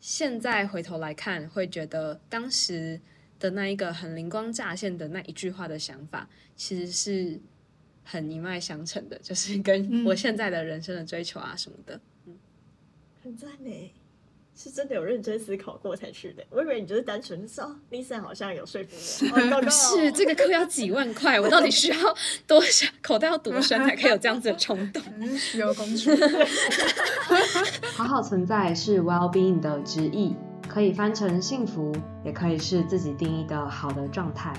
現在回頭來看，會覺得當時的那一個很靈光乍現的那一句話的想法，其實是很一脈相承的，就是跟我現在的人生的追求啊什麼的，嗯，嗯很讚美、欸是真的有認真思考過才去的，我以為你就是單純的說，Nissen 好像有說服我，哦哦。是，這個課要幾萬塊，我到底需要多少？口袋要多深才可以有這樣子的衝動，嗯？需要工作， 好好存在是 well being 的直譯，可以翻成幸福，也可以是自己定義的好的狀態。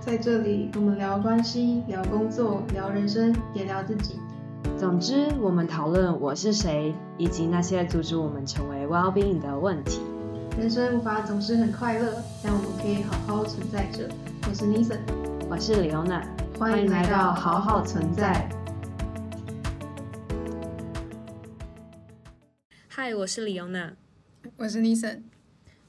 在這裡，我們聊關係，聊工作，聊人生，也聊自己。總之，我們討論我是誰，以及那些阻止我們成為 well being 的問題。人生無法總是很快樂，但我們可以好好存在着。我是 Nissen，我是李歐娜，歡迎來到好好存在。嗨，我是李歐娜，我是 Nissen。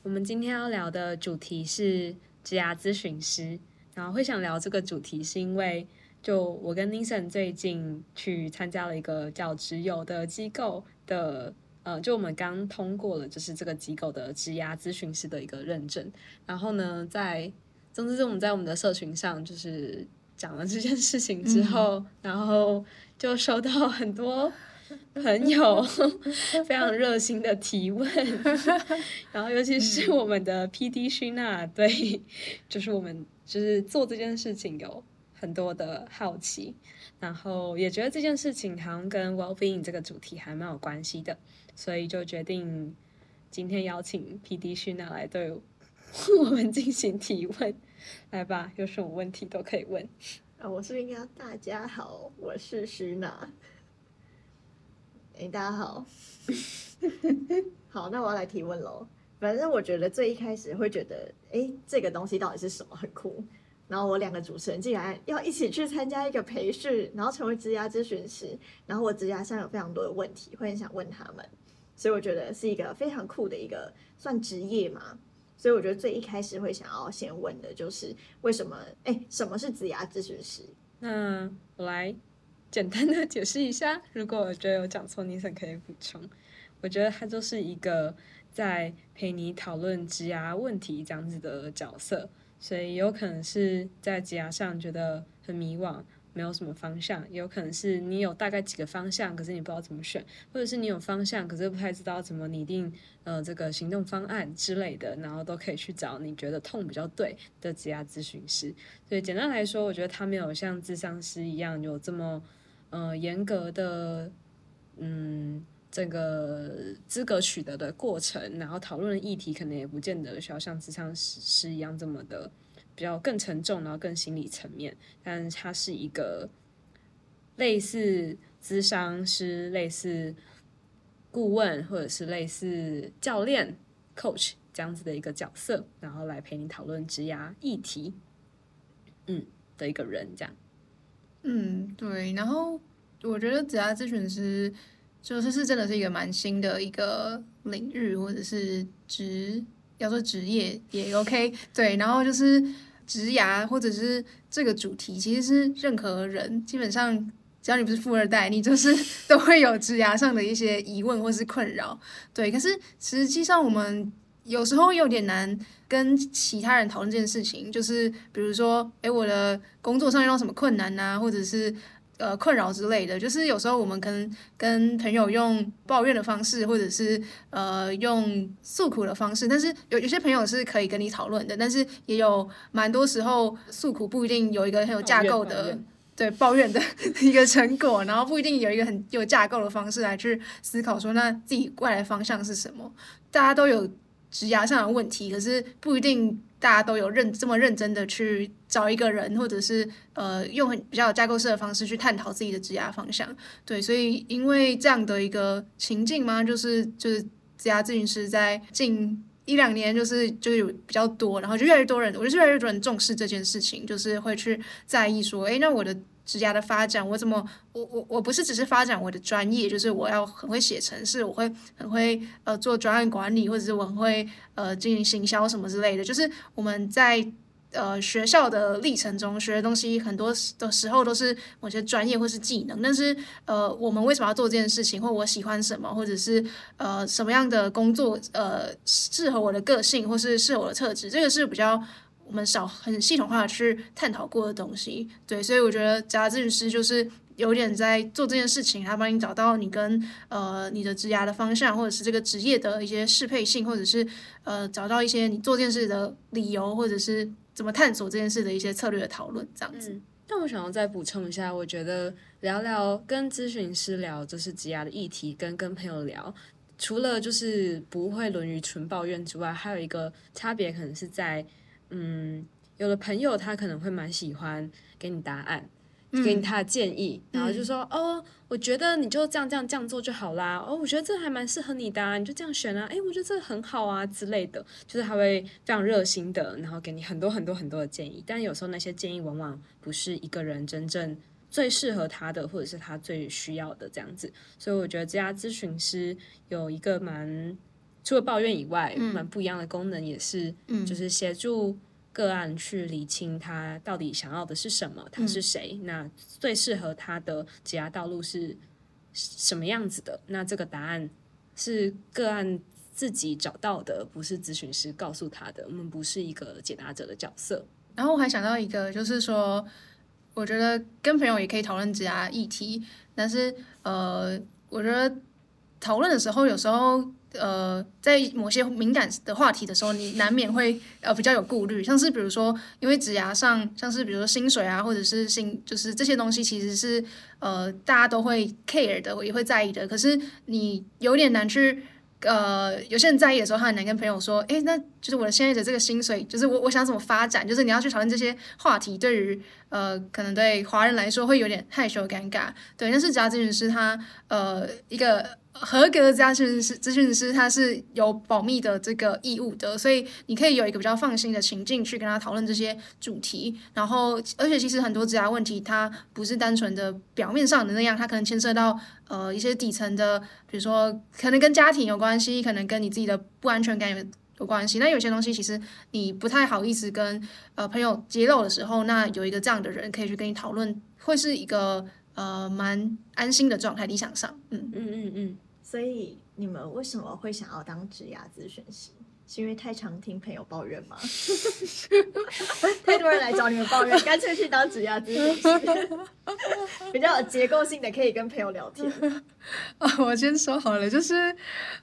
我們今天要聊的主題是職涯諮詢師，然後會想聊這個主題，是因為。就我跟林 i n 最近去參加了一個叫直郵的機構的，呃，就我們剛通過了，就是這個機構的質押諮詢師的一個認證。然後呢，在總之是我們在我們的社群上就是講了這件事情之後，嗯，然後就收到很多朋友非常熱心、嗯、 心的提問，然後尤其是我們的 PD 熏啊，對，就是我們就是做這件事情有。很多的好奇，然後也覺得這件事情好像跟 well-being 這個主題還蠻有關係的，所以就決定今天邀請 P D 徐娜來對我們進行提問，來吧，有什麼問題都可以問啊！我是應該大家好，我是徐娜，哎，大家好， 好，那我要來提問嘍。反正我覺得最一開始會覺得，哎，這個東西到底是什麼，很酷。然後我兩個主持人竟然要一起去參加一個培訓，然後成為職涯諮詢師。然後我職涯上有非常多的問題，會很想問他們，所以我覺得是一個非常酷的一個算職業嘛。所以我覺得最一開始會想要先問的就是為什麼？哎，什麼是職涯諮詢師？那我來簡單的解釋一下，如果我覺得有講錯，你也可以補充。我覺得他就是一個在陪你討論職涯問題這樣子的角色。所以有可能是在職涯上覺得很迷惘，沒有什麼方向；也有可能是你有大概幾個方向，可是你不知道怎麼選，或者是你有方向，可是不太知道怎麼擬定呃這個行動方案之類的，然後都可以去找你覺得痛比較對的職涯諮詢師。所以簡單來說，我覺得他沒有像諮商師一樣有這麼呃嚴格的嗯。整個資格取得的過程，然後討論議題可能也不見得需要像諮商師一樣這麼的比較更沉重，然後更心理層面。但是他是一個類似諮商師、類似顧問或者是類似教練 （coach） 這樣子的一個角色，然後來陪你討論職涯議題，嗯的一個人這樣。嗯，對。然後我覺得職涯諮詢師。就是是真的是一個蠻新的一個領域，或者是職要說職業也，也 OK 對，然後就是職涯，或者是這個主題，其實是任何人基本上只要你不是富二代，你就是都會有職涯上的一些疑問或是困擾，對。可是實際上我們有時候有點難跟其他人討論這件事情，就是比如說，誒，我的工作上遇到什麼困難啊，或者是。呃，困擾之類的，就是有時候我們可能跟朋友用抱怨的方式，或者是呃用訴苦的方式，但是有有些朋友是可以跟你討論的，但是也有蠻多時候訴苦不一定有一個很有架構的抱抱對抱怨的一個成果，然後不一定有一個很有架構的方式來去思考說，那自己未來方向是什麼。大家都有職涯上的問題，可是不一定大家都有認這麼認真的去找一個人，或者是呃，用很比較有架構式的方式去探討自己的職涯方向。對，所以因為這樣的一個情境嘛，就是就是職涯諮詢師在近一兩年，就是，就是就是有比較多，然後就越來越多人，我就是越來越多人重視這件事情，就是會去在意說，哎，欸，那我的職涯的發展，我怎麼，我我我不是只是發展我的專業，就是我要很會寫程式，我會很會呃做專案管理，或者是我很會呃進行行銷什麼之類的，就是我們在。呃，學校的歷程中學的東西很多的時候都是某些專業或是技能，但是呃，我們為什麼要做這件事情，或我喜歡什麼，或者是呃什麼樣的工作呃適合我的個性或是適合我的特質，這個是比較我們少很系統化的去探討過的東西，對，所以我覺得職涯諮詢師就是有點在做這件事情，他幫你找到你跟，呃你的職涯的方向，或者是這個職業的一些適配性，或者是呃找到一些你做這件事的理由，或者是。怎麼探索這件事的一些策略的討論，這樣子，嗯。但我想要再補充一下，我覺得聊聊跟諮詢師聊，就是積壓的議題跟，跟跟朋友聊，除了就是不會淪於純抱怨之外，還有一個差別可能是在，嗯，有的朋友他可能會蠻喜歡給你答案。給你他的建議，嗯、然後就說、嗯、哦，我覺得你就這樣這樣這樣做就好啦。哦，我覺得這還蠻適合你的、啊，你就這樣選啊。哎、欸，我覺得這很好啊之類的，就是他會非常熱心的，然後給你很多很多很多的建議。但有時候那些建議往往不是一個人真正最適合他的，或者是他最需要的這樣子。所以我覺得職涯諮詢師有一個蠻除了抱怨以外，蠻、嗯、不一樣的功能，也是、嗯、就是協助。個案去理清他到底想要的是什麼，他是誰、嗯，那最適合他的職涯道路是什麼樣子的？那這個答案是個案自己找到的，不是諮詢師告訴他的。我們不是一個解答者的角色。然後我還想到一個，就是說，我覺得跟朋友也可以討論職涯議題，但是呃，我覺得討論的時候有時候。呃，在某些敏感的話題的時候，你難免會呃比較有顧慮，像是比如說，因為職涯上，像是比如說薪水啊，或者是薪，就是這些東西，其實是呃大家都會 care 的，也會在意的。可是你有點難去，呃，有些人在意的時候，他很難跟朋友說，誒，那。就是我的現在的這個薪水，就是我我想怎麼發展，就是你要去討論這些話題，對於呃，可能對華人來說會有點害羞尷尬，對。但是，職涯諮詢師他呃，一個合格的職涯諮詢師，諮詢師他是有保密的這個義務的，所以你可以有一個比較放心的情境去跟他討論這些主題。然後，而且其實很多職涯問題，它不是單純的表面上的那樣，它可能牽涉到呃一些底層的，比如說可能跟家庭有關係，可能跟你自己的不安全感有。有關係，那有些東西其實你不太好意思跟呃朋友揭露的時候，那有一個這樣的人可以去跟你討論，會是一個呃蠻安心的狀態，理想上，嗯嗯嗯嗯。所以你們為什麼會想要當職涯諮詢師？是因為太常聽朋友抱怨嗎？ 太多人來找你們抱怨， 乾脆去當職涯諮詢師比較有結構性的可以跟朋友聊天。哦、 啊，我先說好了，就是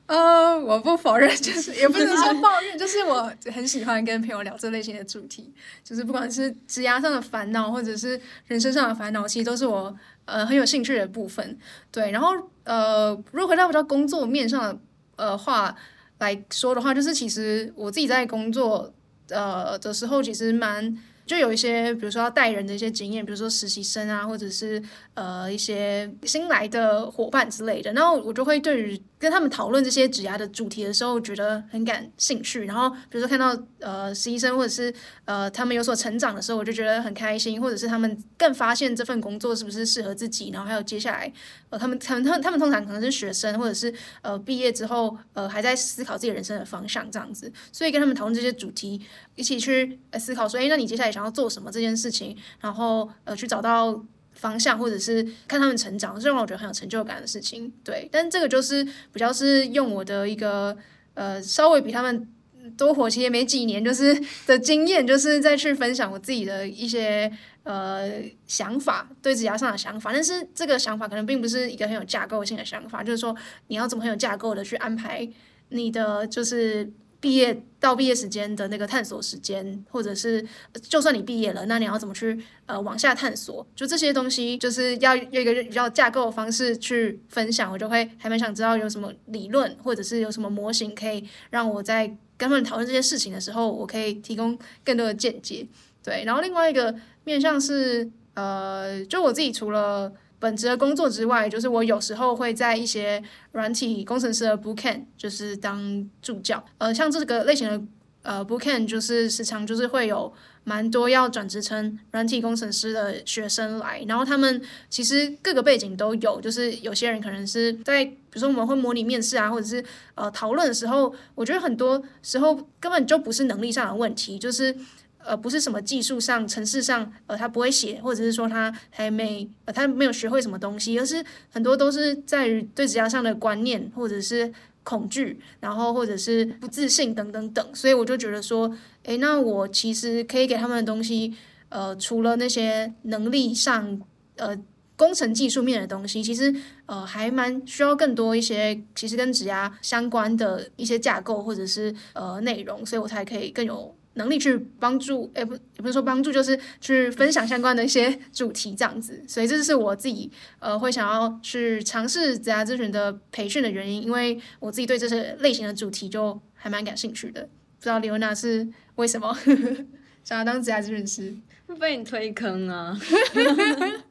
呃，我不否認，就是也不能說抱怨， 就是我很喜歡跟朋友聊這類型的主題，就是不管是職涯上的煩惱，或者是人生上的煩惱，其實都是我呃很有興趣的部分。對，然後呃，如果回到我的工作面上的呃話。來說的話，就是其實我自己在工作呃的時候，其實蠻就有一些，比如說要帶人的一些經驗，比如說實習生啊，或者是呃一些新來的伙伴之類的，然後我就會對於。跟他們討論這些職涯的主題的時候，覺得很感興趣。然後，比如說看到呃實習生或者是呃他們有所成長的時候，我就覺得很開心。或者是他們更發現這份工作是不是適合自己，然後還有接下來呃他們他們他們，他們通常可能是學生，或者是呃畢業之後呃還在思考自己人生的方向這樣子。所以跟他們討論這些主題，一起去思考說，誒，那你接下來想要做什麼這件事情，然後呃去找到。方向，或者是看他們成長，這讓我覺得很有成就感的事情。對，但這個就是比較是用我的一個呃，稍微比他們多活些沒幾年，就是，就是的經驗，就是再去分享我自己的一些呃想法，對職涯上的想法。但是這個想法可能並不是一個很有架構性的想法，就是說你要怎麼很有架構的去安排你的就是。畢業到畢業時間的那個探索時間，或者是就算你畢業了，那你要怎麼去呃往下探索？就這些東西，就是要有一個比較架構的方式去分享。我就會還蠻想知道有什麼理論，或者是有什麼模型，可以讓我在跟他們討論這些事情的時候，我可以提供更多的見解。對，然後另外一個面向是呃，就我自己除了。本職的工作之外，就是我有時候會在一些軟體工程師的 bootcamp 就是當助教。呃，像這個類型的呃 bootcamp 就是時常就是會有蠻多要轉職成軟體工程師的學生來，然後他們其實各個背景都有，就是有些人可能是在比如說我們會模擬面試啊，或者是呃討論的時候，我覺得很多時候根本就不是能力上的問題，就是。呃，不是什麼技術上、程式上，呃，他不會寫，或者是說他還沒，呃，他沒有學會什麼東西，而是很多都是在於對職涯上的觀念，或者是恐懼，然後或者是不自信等等等。所以我就覺得說，誒，那我其實可以給他們的東西，呃，除了那些能力上，呃，工程技術面的東西，其實呃，還蠻需要更多一些，其實跟職涯相關的一些架構或者是呃內容，所以我才可以更有能力去幫助，哎、欸、不也不是說幫助，就是去分享相關的一些主題這樣子，所以這是我自己呃會想要去嘗試職涯諮詢的培訓的原因，因為我自己對這些類型的主題就還蠻感興趣的，不知道 Leona 是為什麼呵呵想要當職涯諮詢師？被你推坑啊。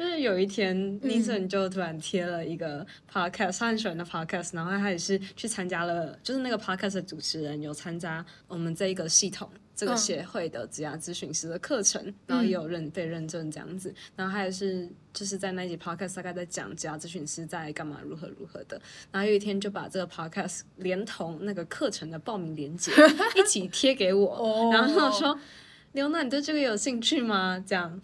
就是有一天 Nissen 就突然貼了一個 podcast，他很喜歡的 podcast，然後他也是去參加了，就是那個 podcast 的主持人有參加我們這一個系統這個協會的職涯諮詢師的課程，哦、然後也有認被、嗯、認證這樣子，然後他也是就是在那一集 podcast 大概在講職涯諮詢師在幹嘛，如何如何的，然後有一天就把這個 podcast 連同那個課程的報名鏈接一起貼給我，哦、然後說：“Leo、哦、na，你對這個有興趣嗎？”這樣。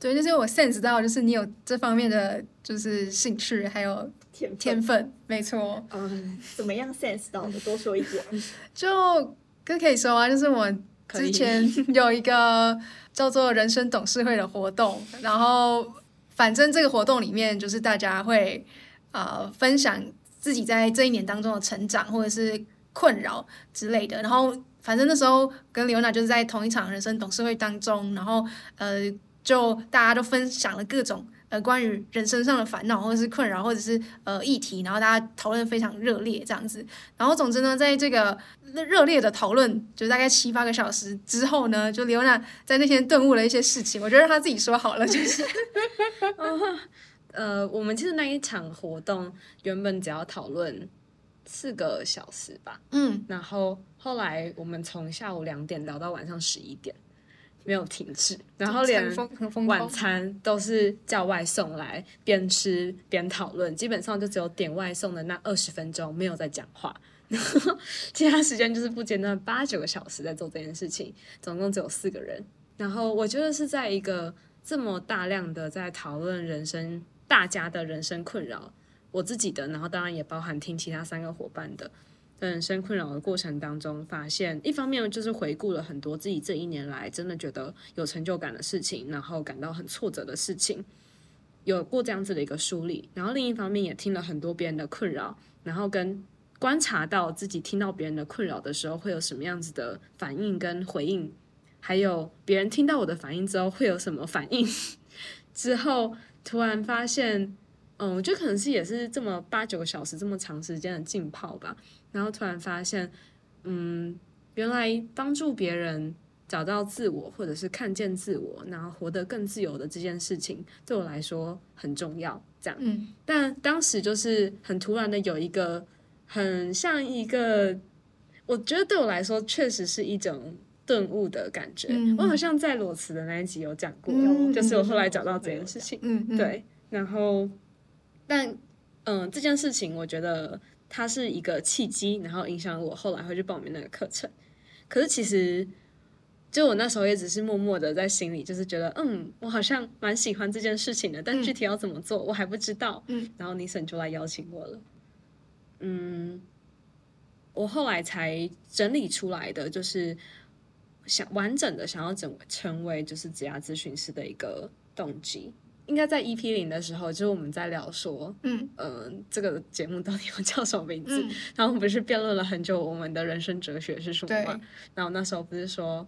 對，就是我 sense 到，就是你有這方面的就是興趣，還有天分天、分天分，沒錯。嗯，怎麼樣 sense 到我多說一點。就跟可以說啊，就是我之前有一個叫做“人生董事會”的活動， 然後反正這個活動裡面，就是大家會啊、呃、分享自己在這一年當中的成長或者是困擾之類的。然後反正那時候跟 Leona 就是在同一場人生董事會當中，然後呃。就大家都分享了各種呃關於人生上的煩惱或、或者是困擾或者是呃議題，然後大家討論非常熱烈這樣子。然後總之呢，在這個熱烈的討論，就大概七八個小時之後呢，就 Leona 在那天頓悟了一些事情。我覺得讓她自己說好了，就是 、哦、呃，我們其實那一場活動原本只要討論四個小時吧，嗯，然後後來我們從下午兩點聊到晚上十一點。沒有停止，然後連晚餐都是叫外送來，邊吃邊討論，基本上就只有點外送的那二十分鐘沒有在講話，然後其他時間就是不間斷八九個小時在做這件事情，總共只有四個人。然後我覺得是在一個這麼大量的在討論人生，大家的人生困擾，我自己的，然後當然也包含聽其他三個夥伴的。在人生困擾的過程當中，發現一方面就是回顧了很多自己這一年來真的覺得有成就感的事情，然後感到很挫折的事情，有過這樣子的一個梳理，然後另一方面也聽了很多別人的困擾，然後跟觀察到自己聽到別人的困擾的時候會有什麼樣子的反應跟回應，還有別人聽到我的反應之後會有什麼反應，之後突然發現，嗯，我覺得可能是也是這麼八九個小時這麼長時間的浸泡吧。然後突然發現，嗯，原來幫助別人找到自我，或者是看見自我，然後活得更自由的這件事情，對我來說很重要。這樣，嗯，但當時就是很突然的有一個，很像一個，我覺得對我來說確實是一種頓悟的感覺。嗯，我好像在裸辭的那一集有講過，嗯，就是我後來找到這件事情，嗯，嗯對。然後，但嗯，呃，這件事情我覺得。它是一個契機，然後影響我後來會去報名那個課程。可是其實，就我那時候也只是默默的在心裡，就是覺得，嗯，我好像蠻喜歡這件事情的，但具體要怎麼做，我還不知道。嗯，然後你 i 就來邀請我了。嗯，我後來才整理出來的，就是想完整的想要整成為就是職業諮詢師的一個動機。應該在 EP 零的時候，就是我們在聊說，嗯，呃、這個節目到底要叫什麼名字？嗯、然後不是辯論了很久，我們的人生哲學是什麼？然後那時候不是說，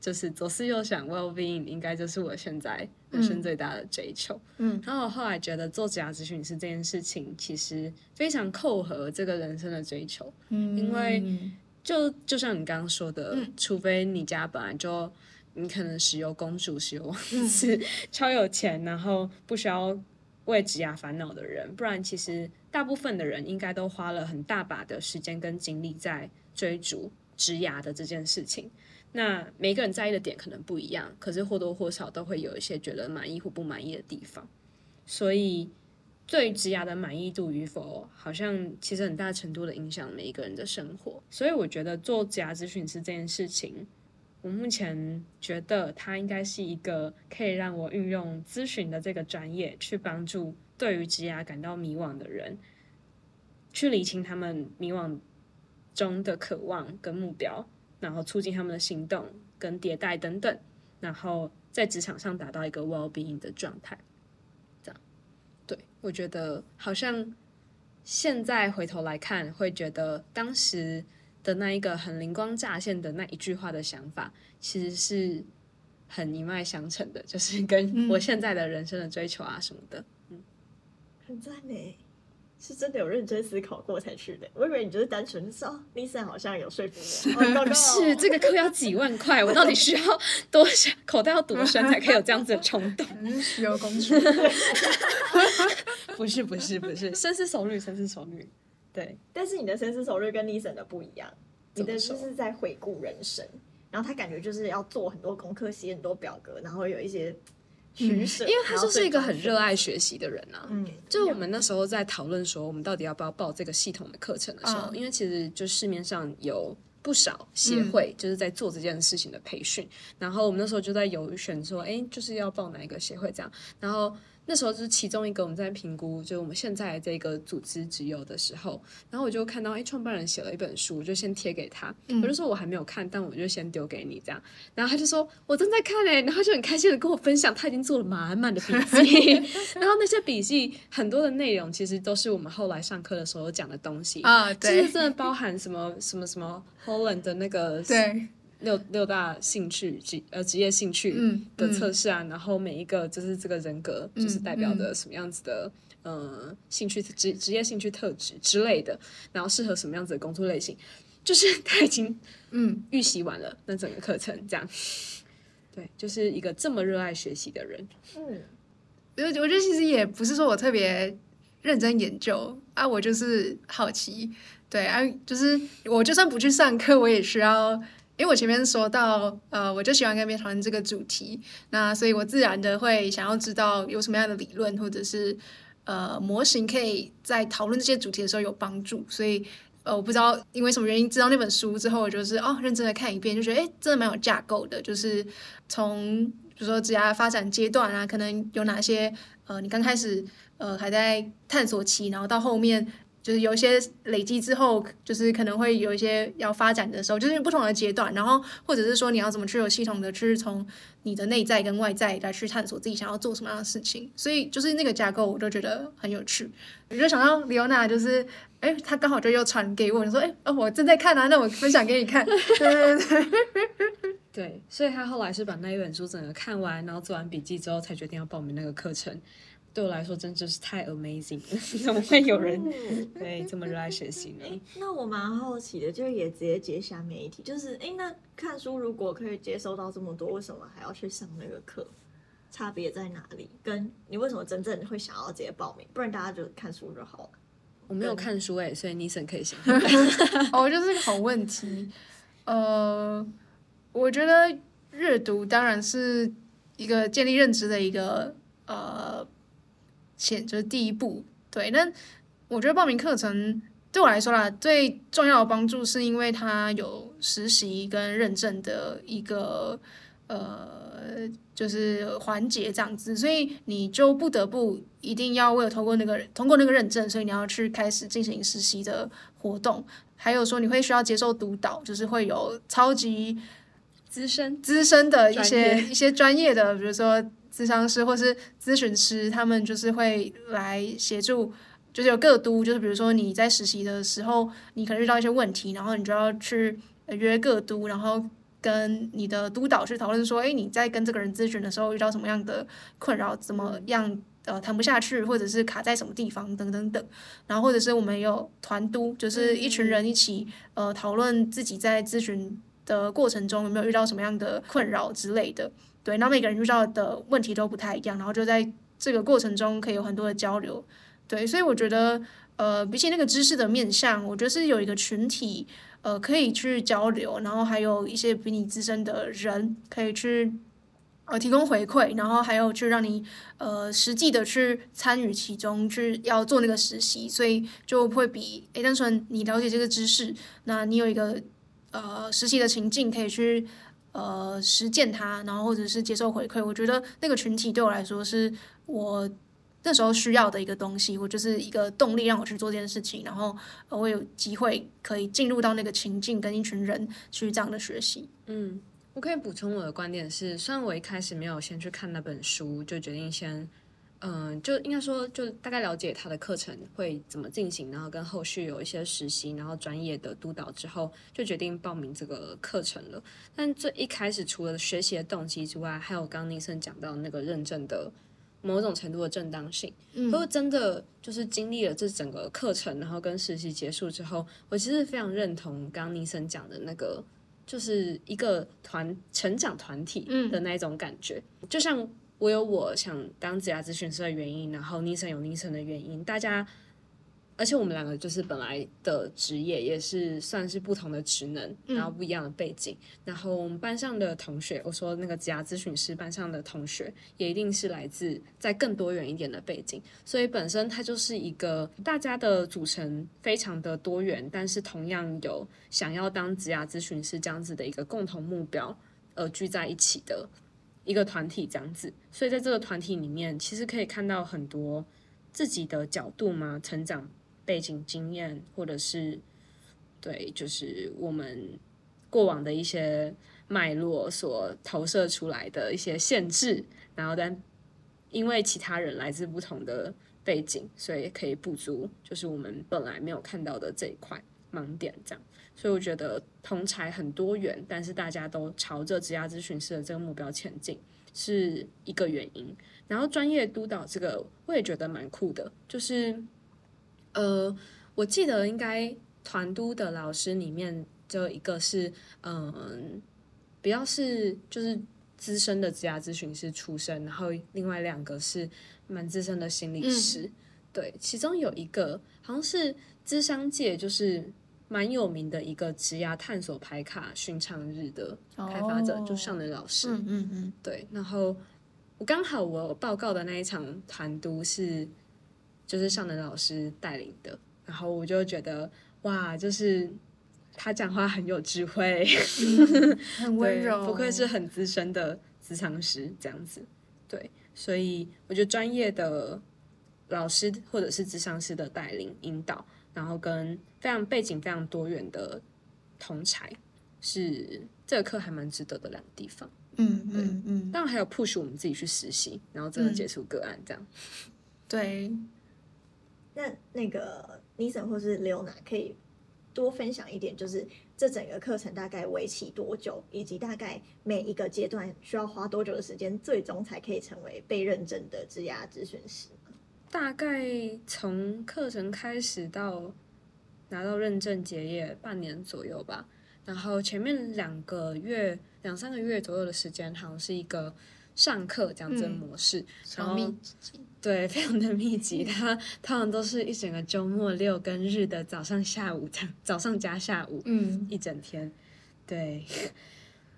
就是左思右想，Well being 應該就是我現在人生最大的追求。嗯、然後我後來覺得做職涯諮詢師這件事情其實非常扣合這個人生的追求，嗯、因為就就像你剛剛說的、嗯，除非你家本來就。你可能石油公主，石油王子， 超有錢，然後不需要為職涯煩惱的人。不然，其實大部分的人應該都花了很大把的時間跟精力在追逐職涯的這件事情。那每一個人在意的點可能不一樣，可是或多或少都會有一些覺得滿意或不滿意的地方。所以，對於職涯的滿意度與否，好像其實很大程度的影響每一個人的生活。所以，我覺得做職涯諮詢師這件事情。我目前覺得，他應該是一個可以讓我運用諮詢的這個專業，去幫助對於職業感到迷惘的人，去理清他們迷惘中的渴望跟目標，然後促進他們的行動跟迭代等等，然後在職場上達到一個 well-being 的狀態。這樣，對，我覺得好像現在回頭來看，會覺得當時。的那一個很靈光乍現的那一句話的想法，其實是很一脈相承的，就是跟我現在的人生的追求啊什麼的，嗯，很讚耶，是真的有認真思考過才去的。我以為你就是單純的說，Lisa 好像有說服我。不、嗯、是這個課要幾萬塊， 我到底需要多少？口袋要多深才可以有這樣子的衝動、 嗯？需要工作？ 不是不是不是，深思熟慮，深思熟慮。對，但是你的深思熟慮跟立 a t n 的不一樣，你的就是在回顧人生，然後他感覺就是要做很多功課，寫很多表格，然後有一些取舍、嗯，因為，他就是一個很熱愛學習的人啊。嗯，就我們那時候在討論說，我們到底要不要報這個系統的課程的時候、嗯，因為其實就市面上有不少協會就是在做這件事情的培訓，嗯，然後我們那時候就在有選說，哎，就是要報哪一個協會這樣，然後。那時候就是其中一個我們在評估，就是我們現在這個組織只有的時候，然後我就看到哎，創、欸、辦人寫了一本書，我就先貼給他、嗯。我就說我還沒有看，但我就先丟給你這樣。然後他就說我正在看嘞、欸，然後就很開心的跟我分享，他已經做了滿滿的筆記。 然後那些筆記很多的內容，其實都是我們後來上課的時候講的東西其實、uh, 就是、真的包含什麼什麼什麼 Holland 的那個對。六六大興趣職呃職業興趣的測試啊、嗯，然後每一個就是這個人格、嗯、就是代表的什麼樣子的、嗯、呃興趣職職業興趣特質之類的，然後適合什麼樣子的工作類型，就是他已經嗯預習完了、嗯、那整個課程，這樣對，就是一個這麼熱愛學習的人，嗯，我我覺得其實也不是說我特別認真研究啊，我就是好奇，對啊，就是我就算不去上課，我也需要。因為我前面說到，呃，我就喜歡跟別人討論這個主題，那所以我自然的會想要知道有什麼樣的理論或者是呃模型可以在討論這些主題的時候有幫助。所以，呃，我不知道因為什麼原因知道那本書之後，我就是哦認真的看一遍，就覺得誒真的蠻有架構的，就是從比如說職涯的發展階段啊，可能有哪些呃，你剛開始呃還在探索期，然後到後面。就是有一些累積之後，就是可能會有一些要發展的時候，就是不同的階段，然後或者是說你要怎麼去有系統的去、就是、從你的內在跟外在來去探索自己想要做什麼樣的事情，所以就是那個架構我就覺得很有趣，我就想到 Leona 就是，哎，她剛好就又傳給我，你說，哎，哦，我正在看啊，那我分享給你看， 對對對， 對，所以她後來是把那一本書整個看完，然後做完筆記之後才決定要報名那個課程。對我來說，真就是太 amazing，怎麼會有人可以這麼熱愛學習呢？ 那我蠻好奇的，就是也直接接下面一題，就是哎，那看書如果可以接收到這麼多，為什麼還要去上那個課？差別在哪裡？跟你為什麼真正會想要直接報名？不然大家就看書就好了。我沒有看書哎、欸，所以 Nissen 可以先。哦，就是個好問題。呃、uh,，我覺得閱讀當然是一個建立認知的一個呃。Uh, 錢就是第一步，對。那我覺得報名課程對我來說啦，最重要的幫助是因為它有實習跟認證的一個呃，就是環節這樣子，所以你就不得不一定要為了通過那個通過那個認證，所以你要去開始進行實習的活動，還有說你會需要接受督導，就是會有超級資深資深的一些一些專業的，比如說。諮商師或是諮詢師，他們就是會來協助，就是有個督，就是比如說你在實習的時候，你可能遇到一些問題，然後你就要去約個督，然後跟你的督導去討論說，誒、欸，你在跟這個人諮詢的時候遇到什麼樣的困擾，怎麼樣呃談不下去，或者是卡在什麼地方等等等，然後或者是我們有團督，就是一群人一起呃討論自己在諮詢的過程中有沒有遇到什麼樣的困擾之類的。對，那每個人遇到的問題都不太一樣，然後就在這個過程中可以有很多的交流。對，所以我覺得，呃，比起那個知識的面向，我覺得是有一個群體，呃，可以去交流，然後還有一些比你資深的人可以去，呃，提供回饋，然後還有去讓你，呃，實際的去參與其中，去要做那個實習，所以就會比，誒，單純你了解這個知識，那你有一個，呃，實習的情境可以去。呃，實踐它，然後或者是接受回饋，我覺得那個群體對我來說是我那時候需要的一個東西，我就是一個動力讓我去做這件事情，然後我有機會可以進入到那個情境，跟一群人去這樣的學習。嗯，我可以補充我的觀點是，雖然我一開始沒有先去看那本書，就決定先。嗯、呃，就應該說，就大概了解他的課程會怎麼進行，然後跟後續有一些實習，然後專業的督導之後，就決定報名這個課程了。但最一開始，除了學習的動機之外，還有剛尼森講到那個認證的某種程度的正當性。嗯，不過真的就是經歷了這整個課程，然後跟實習結束之後，我其實非常認同剛尼森講的那個，就是一個團成長團體的那一種感覺，嗯、就像。我有我想當職涯諮詢師的原因，然後 Nissen 有 Nissen 的原因，大家，而且我們兩個就是本來的職業也是算是不同的職能，然後不一樣的背景，嗯、然後我們班上的同學，我說那個職涯諮詢師班上的同學也一定是來自在更多元一點的背景，所以本身它就是一個大家的組成非常的多元，但是同樣有想要當職涯諮詢師這樣子的一個共同目標，而聚在一起的。一個團體這樣子，所以在這個團體裡面，其實可以看到很多自己的角度嘛，成長背景、經驗，或者是對，就是我們過往的一些脈絡所投射出來的一些限制。然後，但因為其他人來自不同的背景，所以可以補足，就是我們本來沒有看到的這一塊。盲點這樣，所以我覺得同儕很多元，但是大家都朝着職涯諮詢師的這個目標前進是一個原因。然後專業督導這個我也覺得蠻酷的，就是呃，我記得應該團督的老師裡面只有一個是嗯、呃、比較是就是資深的職涯諮詢師出身，然後另外兩個是蠻資深的心理師、嗯，對，其中有一個好像是諮商界就是。蠻有名的一個職業探索牌卡尋常日的開發者，oh. 就上能老師。嗯嗯，嗯對。然後我剛好我報告的那一場團都是就是上能老師帶領的，然後我就覺得哇，就是他講話很有智慧， 很溫溫柔。 不愧是很資深的諮商師，這樣子。對，所以我覺得專業的老師或者是諮商師的帶領引導。然後跟非常背景非常多元的同儕，是這個課還蠻值得的兩個地方。嗯嗯嗯。然、嗯、後還有 push 我們自己去實習，嗯、然後真的接觸個案這樣。對。那那個 Nissen 或是 Leona 可以多分享一點，就是這整個課程大概為期多久，以及大概每一個階段需要花多久的時間，最終才可以成為被認證的職涯諮詢師。大概從課程開始到拿到認證結業半年左右吧，然後前面兩個月兩三個月左右的時間，好像是一個上課這樣子的模式，嗯、然後密，對，非常的密集，他他們都是一整個週末六跟日的早上下午，早上加下午，嗯，一整天，對。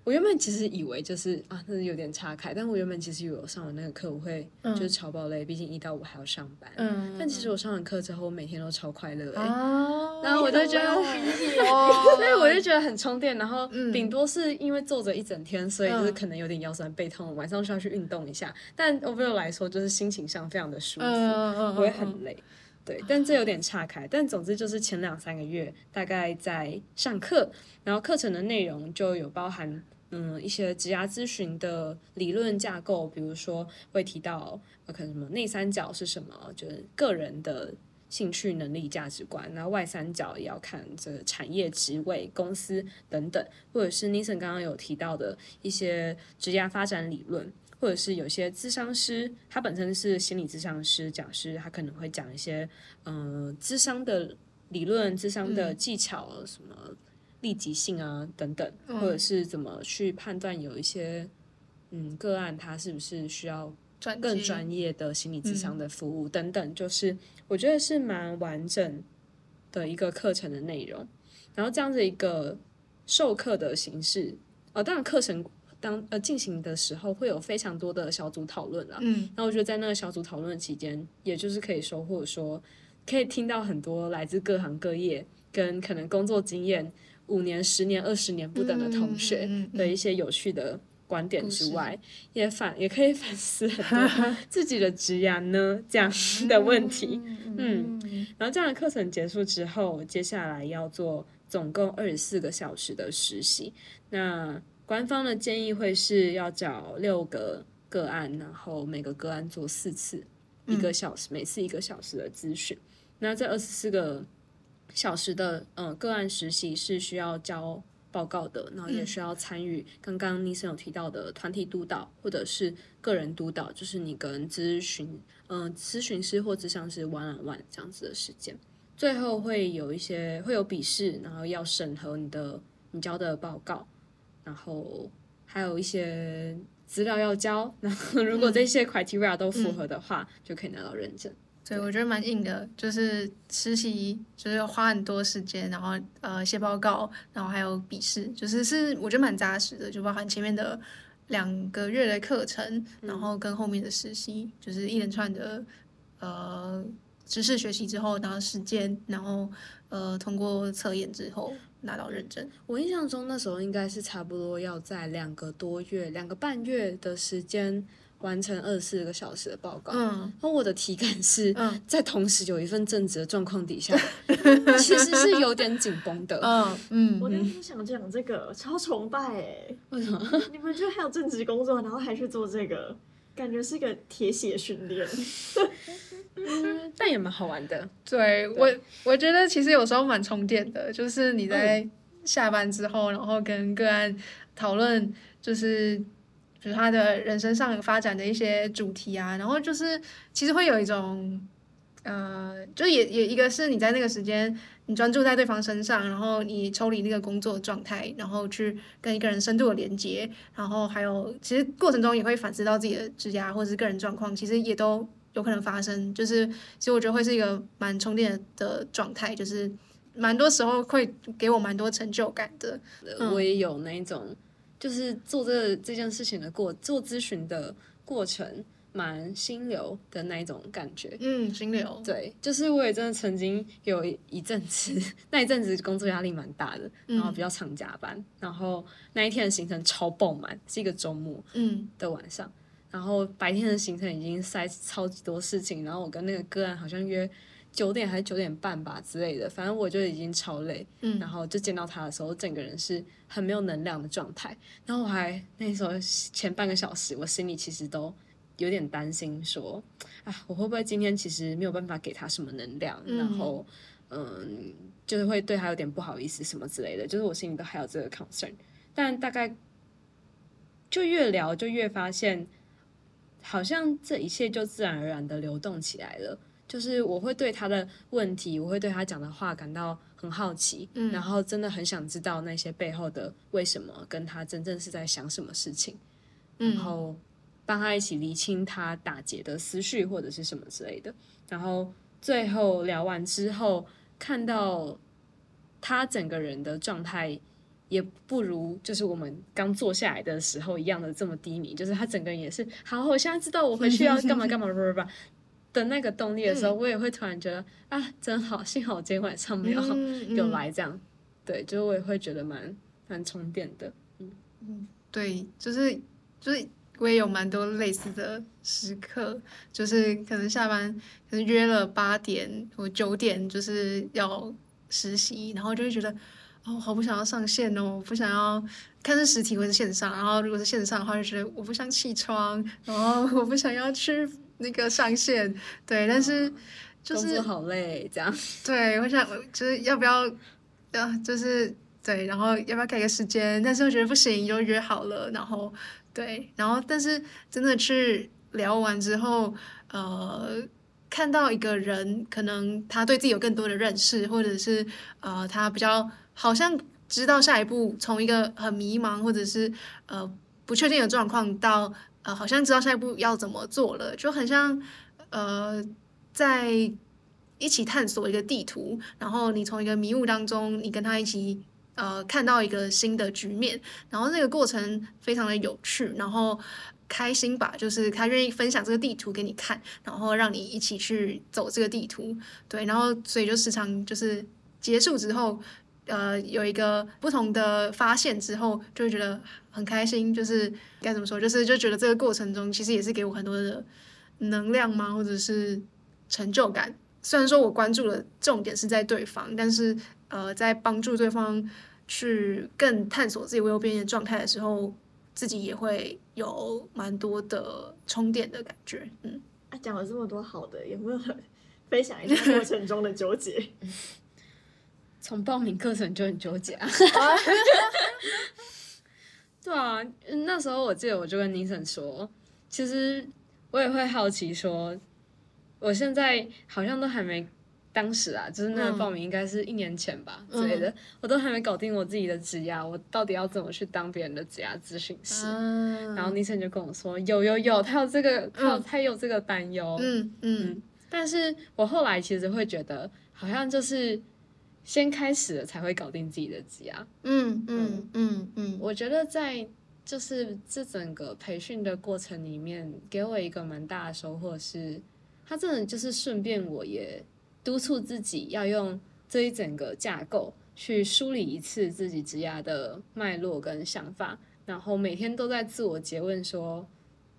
我原本其實以為就是啊，那是有點岔開。但我原本其實以為我上完那個課，我會就是超爆累，畢、嗯、竟一到五還要上班。嗯，但其實我上完課之後，我每天都超快樂、欸。哦、啊，然後我就覺得， 哦、 所以我就覺得很充電。然後頂、嗯、多是因為坐着一整天，所以就是可能有點腰酸背痛，晚上需要去運動一下。但 overall 來說，就是心情上非常的舒服。不，嗯，我也很累。嗯、對、嗯對嗯，但這有點岔開。但總之就是前兩三個月，大概在上課，然後課程的內容就有包含，嗯，一些職涯諮詢的理論架構，比如說會提到呃，可能什麼內三角是什麼，就是個人的興趣、能力、價值觀，那外三角也要看這個產業、職位、公司等等，或者是 Nissen 剛剛有提到的一些職業發展理論，或者是有些諮商師，他本身是心理諮商師講師，他可能會講一些嗯，呃、諮商的理論、諮商的技巧、嗯、什麼、立即性啊，等等，或者是怎麼去判斷有一些嗯，嗯個案他是不是需要更專業的心理諮商的服務等等，嗯，就是我覺得是蠻完整的一個課程的內容。然後這樣的一個授課的形式，呃，當然課程當呃進行的時候會有非常多的小組討論啦。嗯，然後我覺得在那個小組討論期間，也就是可以收穫說可以聽到很多來自各行各業跟可能工作經驗。五年、十年、二十年不等的同學的一些有趣的觀點之外，嗯、也反也可以反思很多自己的職涯呢、嗯、這樣的問題嗯。嗯，然後這樣的課程結束之後，接下來要做總共二十四個小時的實習。那官方的建議會是要找六個個案，然後每個個案做四次，一個小時、嗯，每次一個小時的諮詢。那這二十四個小時的嗯、呃、個案實習是需要交報告的，然後也需要參與剛剛 Nissen 有提到的團體督導或者是個人督導，就是你跟諮詢嗯、呃、諮詢師或者像是 one on one 這樣子的時間。最後會有一些會有筆試，然後要審核你的你交的報告，然後還有一些資料要交。然後如果這些 criteria 都符合的話，嗯嗯，就可以拿到認證。對，我覺得蠻硬的，就是實習，就是要花很多時間，然後呃寫報告，然後還有筆試，就是是我覺得蠻扎實的，就包含前面的兩個月的課程，然後跟後面的實習，就是一連串的呃知識學習之後，然後時間，然後呃通過測驗之後拿到認證。我印象中那時候應該是差不多要在兩個多月、兩個半月的時間。完成二十四個小時的報告，然、嗯、後我的體感是在同時有一份正職的狀況底下、嗯，其實是有點緊繃的。嗯嗯，我那天想講這個，超崇拜哎！為什麼你們就還有正職工作，然後還去做這個？感覺是一個鐵血訓練，嗯、 但也蠻好玩的。對我，我覺得其實有時候蠻充電的，就是你在下班之後，嗯、然後跟個案討論，就是。就是他的人生上發展的一些主題啊，然後就是其實會有一種，呃，就也也一個是你在那個時間，你專注在對方身上，然後你抽離那個工作狀態，然後去跟一個人深度的連接，然後還有其實過程中也會反思到自己的職涯或者是個人狀況，其實也都有可能發生，就是其實我覺得會是一個蠻充電的狀態，就是蠻多時候會給我蠻多成就感的，嗯。我也有那一種。就是做這個、這件事情的過做諮詢的過程，蠻心流的那一種感覺。嗯，心流。對，就是我也真的曾經有一陣子，那一陣子工作壓力蠻大的，然後比較常加班，嗯，然後那一天的行程超爆滿，是一個周末嗯的晚上，嗯，然後白天的行程已經塞超級多事情，然後我跟那個個案好像約。九點還是九點半吧之類的，反正我就已經超累。嗯，然後就見到他的時候，整個人是很沒有能量的狀態。然後我還那時候前半個小時，我心裡其實都有點擔心說，說啊，我會不會今天其實沒有辦法給他什麼能量？嗯、然後，嗯，就是會對他有點不好意思什麼之類的，就是我心裡都還有這個 concern。但大概就越聊就越發現，好像這一切就自然而然的流動起來了。就是我會對他的問題，我會對他講的話感到很好奇，嗯，然後真的很想知道那些背後的為什麼，跟他真正是在想什麼事情，嗯，然後幫他一起理清他打結的思緒或者是什麼之類的，然後最後聊完之後，看到他整個人的狀態也不如就是我們剛坐下來的時候一樣的這麼低迷，就是他整個人也是好，我現在知道我回去要幹嘛幹嘛吧。 的那個動力的時候，嗯、我也會突然覺得啊，真好，幸好我今天晚上沒有有來這樣，嗯嗯、對，就是我也會覺得蠻蠻充電的，嗯嗯，對，就是就是我也有蠻多類似的時刻，就是可能下班可能約了八點或九點就是要實習，然後就會覺得哦，好不想要上線哦，不想要看是實體或者是線上，然後如果是線上的話，就覺得我不想起床，然後我不想要去。 那個上線，對，但是，就是，好累，這樣。對，我想，就是要不要，要、啊，就是對，然後要不要改個時間？但是又覺得不行，就約好了。然後，對，然後，但是真的去聊完之後，呃，看到一個人，可能他對自己有更多的認識，或者是呃，他比較好像知道下一步，從一個很迷茫或者是呃不確定的狀況到。呃，好像知道下一步要怎麼做了，就很像，呃，在一起探索一個地圖，然後你從一個迷霧當中，你跟他一起，呃，看到一個新的局面，然後那個過程非常的有趣，然後開心吧，就是他願意分享這個地圖給你看，然後讓你一起去走這個地圖，對，然後所以就時常就是結束之後。呃，有一個不同的發現之後，就會覺得很開心。就是該怎麼說，就是就覺得這個過程中，其實也是給我很多的能量嘛，或者是成就感。雖然說我關注的重點是在對方，但是呃，在幫助對方去更探索自己未有邊緣狀態的時候，自己也會有蠻多的充電的感覺。嗯，啊，講了這麼多好的，有沒有分享一下過程中的糾結？ 從報名課程就很糾結啊！對啊，那時候我記得我就跟 Nissen 說，其實我也會好奇說，我現在好像都還沒當時啊，就是那個報名應該是一年前吧之類、嗯、的，我都還沒搞定我自己的職涯，我到底要怎麼去當別人的職涯諮詢師、啊？然後 Nissen 就跟我說，有有有，他有這個，他他有、嗯、有這個擔憂，嗯嗯、嗯，但是我後來其實會覺得，好像就是。先開始了才會搞定自己的職涯。嗯嗯嗯嗯，我覺得在就是這整個培訓的過程裡面，給我一個蠻大的收穫是，他真的就是順便我也督促自己要用這一整個架構去梳理一次自己職涯的脈絡跟想法，然後每天都在自我詰問說，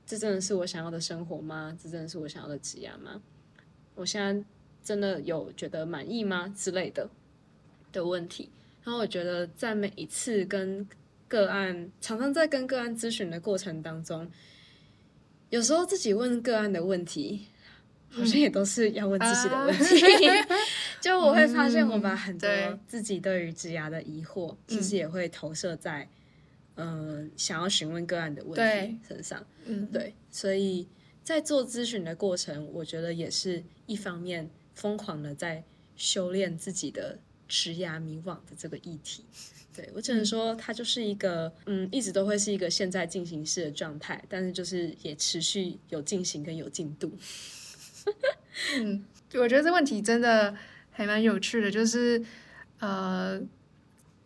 這真的是我想要的生活嗎？這真的是我想要的職涯嗎？我現在真的有覺得滿意嗎？之類的。的問題，然後我覺得在每一次跟個案，常常在跟個案諮詢的過程當中，有時候自己問個案的問題，嗯、好像也都是要問自己的問題。嗯、 就我會發現，我把很多自己對於職涯的疑惑，其、嗯、實也會投射在嗯、呃、想要詢問個案的問題身上。嗯，對，所以在做諮詢的過程，我覺得也是一方面瘋狂的在修煉自己的。持壓迷惘的這個議題，對我只能說，它就是一個嗯,嗯，一直都會是一個現在進行式的狀態，但是就是也持續有進行跟有進度。 嗯，我覺得這問題真的還蠻有趣的，就是呃，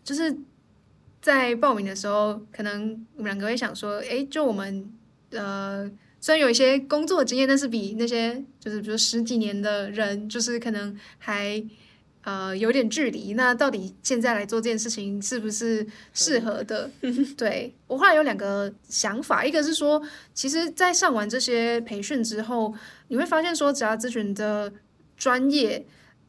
就是在報名的時候，可能我們兩個會想說，誒，就我們呃，雖然有一些工作經驗，但是比那些就是比如十幾年的人，就是可能還。呃，有點距離。那到底現在來做這件事情是不是適合的？嗯、對我，後來有兩個想法， 一個是說，其實，在上完這些培訓之後，你會發現說，職涯諮詢的專業